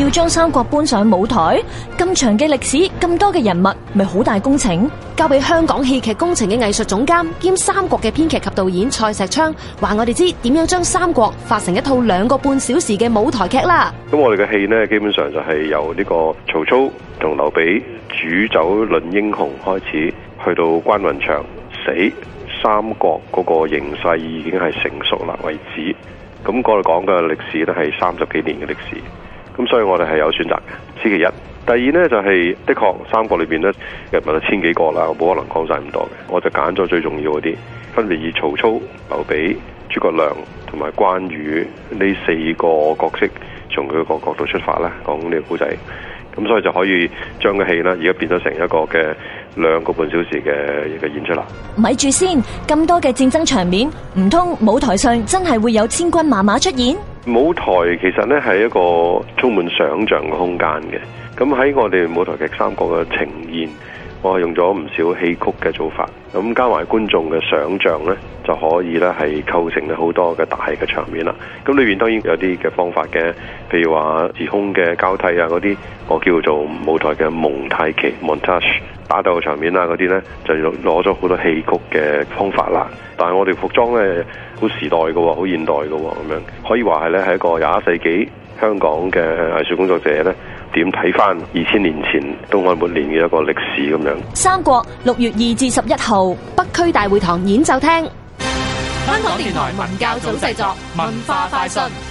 要將三國搬上舞台，咁長嘅歷史，咁多嘅人物，咪好大工程？交俾香港戲劇工程嘅藝術總監兼三國嘅編劇及導演蔡錫昌，話我哋知點樣將三國化成一套兩個半小時嘅舞台劇啦。咁我哋嘅戲呢，基本上就係由呢個曹操同劉備煮酒論英雄開始，去到關雲長死，三國嗰個形勢已經係成熟啦為止。咁我哋講嘅歷史都係三十幾年嘅歷史。咁所以我哋係有選擇嘅。此其一，第二呢，就係的確三國裏邊咧，人物千幾個啦，冇可能講晒咁多嘅，我就揀咗最重要嗰啲，分別以曹操、劉備、諸葛亮同埋關羽呢四個角色，從佢個角度出發啦，講呢個故仔。咁所以就可以將個戲啦，而家變咗成一個嘅兩個半小時嘅嘅演出啦。咪住先，咁多嘅戰爭場面，唔通舞台上真係會有千軍萬馬出現？舞台其實咧係一個充滿想象嘅空間嘅，咁喺我哋舞台劇《三國》嘅呈現。我係用咗唔少戲曲嘅做法，咁加埋觀眾嘅想像呢，就可以呢係構成好多嘅大嘅場面啦。咁裏面當然有啲嘅方法嘅，譬如話時空嘅交替啊，嗰啲我叫做舞台嘅蒙太奇 （montage），打鬥場面啊嗰啲呢，就攞咗好多戲曲嘅方法啦。但係我哋服裝呢，好時代嘅喎，好現代嘅喎，咁樣可以話係呢係一個廿一世紀香港嘅藝術工作者呢。點睇翻，二千年前東漢末年嘅一個歷史咁樣？三國六月二至十一號北區大會堂演奏廳，香港電台文教組製作，文化快訊。